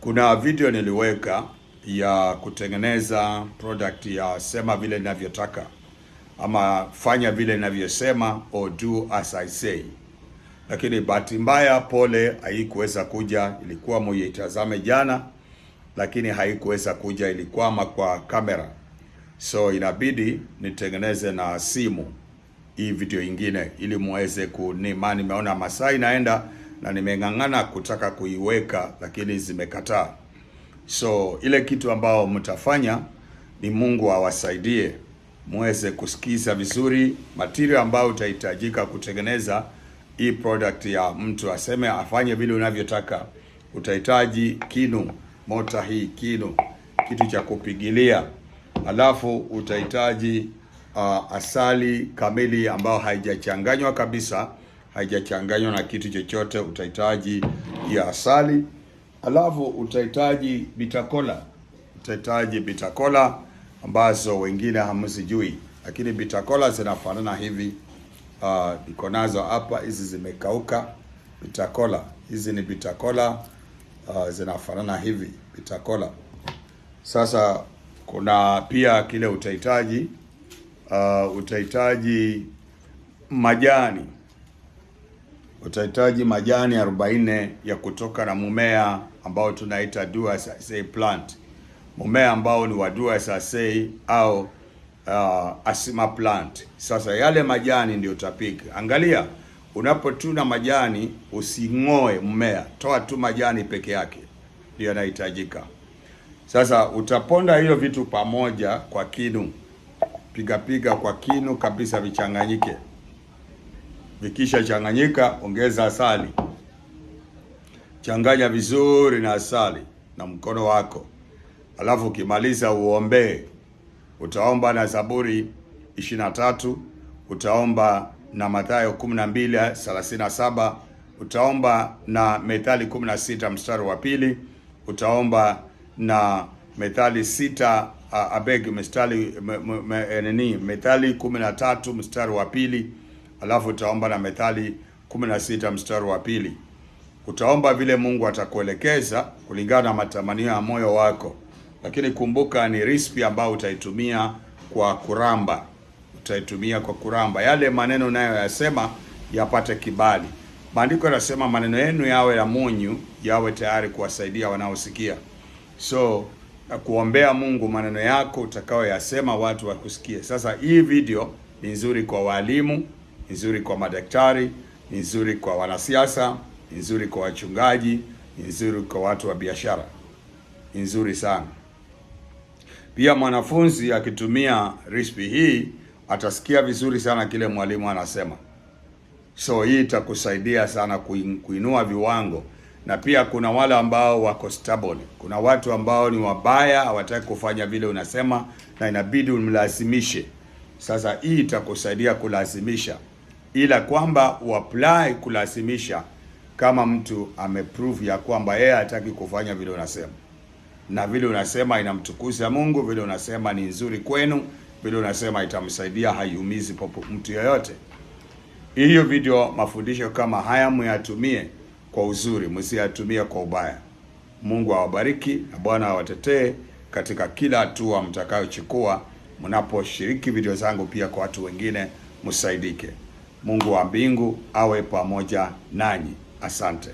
Kuna video niliweka ya kutengeneza product ya sema vile ninavyotaka ama fanya vile ninavyosema or do as I say, lakini bahati mbaya pole haikuweza kuja, ilikuwa muitazame jana, lakini haikuweza kuja, ilikwama kwa kamera, so inabidi nitengeneze na simu hii video ingine ili muweze kunima. Nimeona masaa inaenda na nimeng'ang'ana kutaka kuiweka, lakini zimekataa. So ile kitu ambayo mtafanya ni Mungu awasaidie muweze kusikiza vizuri material ambayo utahitajika kutengeneza hii product ya mtu aseme afanye vile unavyotaka. Utahitaji kinu, mota hii, kinu, kitu cha kupigilia, alafu utahitaji uh, asali kamili ambayo haijachanganywa kabisa haijachanganywa na kitu chochote. Utahitaji ya asali, alafu utahitaji bitakola, utahitaji bitakola ambazo wengine hamzijui, lakini bitakola zinafanana hivi. Uh, niko nazo hapa, hizi zimekauka. Bitakola hizi ni bitakola uh, ah, zinafanana hivi bitakola. Sasa kuna pia kile utahitaji uh, utahitaji majani utahitaji majani 40 ya kutoka na mumea ambao tunaita dua sasei plant, mumea ambao ni wa dua au uh, asima plant. Sasa yale majani ndio utapika. Angalia, unapotuna majani using'oe mmea, toa tu majani peke yake, ndio yanahitajika. Sasa utaponda hiyo vitu pamoja kwa kinu, pigapiga piga kwa kinu kabisa, vichanganyike. Vikisha changanyika, ongeza asali, changanya vizuri na asali na mkono wako, alafu ukimaliza uombee. Utaomba na Zaburi 23, utaomba na Mathayo 12:37, utaomba na Methali 16 mstari wa pili, utaomba na Methali sita abeg mstari nini, Methali 13 mstari wa pili alafu utaomba na Methali 16 mstari wa pili. Utaomba vile Mungu atakuelekeza kulingana na matamanio ya moyo wako, lakini kumbuka ni rispi ambayo utaitumia kwa kuramba, utaitumia kwa kuramba. Yale maneno unayoyasema yapate kibali. Maandiko yanasema maneno yenu yawe ya munyu, yawe tayari kuwasaidia wanaosikia. So kuombea Mungu maneno yako utakayoyasema watu wakusikie. Sasa hii video ni nzuri kwa walimu ni nzuri kwa madaktari, ni nzuri kwa wanasiasa, ni nzuri kwa wachungaji, ni nzuri kwa watu wa biashara, ni nzuri sana. Pia mwanafunzi akitumia recipe hii atasikia vizuri sana kile mwalimu anasema, so hii itakusaidia sana kuinua viwango. Na pia kuna wale ambao wako stable. kuna watu ambao ni wabaya, hawataki kufanya vile unasema na inabidi umlazimishe. Sasa hii itakusaidia kulazimisha ila kwamba uapply kulazimisha kama mtu ameprove ya kwamba yeye hataki kufanya vile unasema, na vile unasema inamtukuza Mungu, vile unasema ni nzuri kwenu, vile unasema itamsaidia, haiumizi popo mtu yoyote. Hiyo video mafundisho kama haya myatumie kwa uzuri, msiyatumie kwa ubaya. Mungu awabariki na Bwana awatetee katika kila hatua mtakayochukua. Mnaposhiriki video zangu pia kwa watu wengine, msaidike. Mungu wa mbingu awe pamoja nanyi. Asante.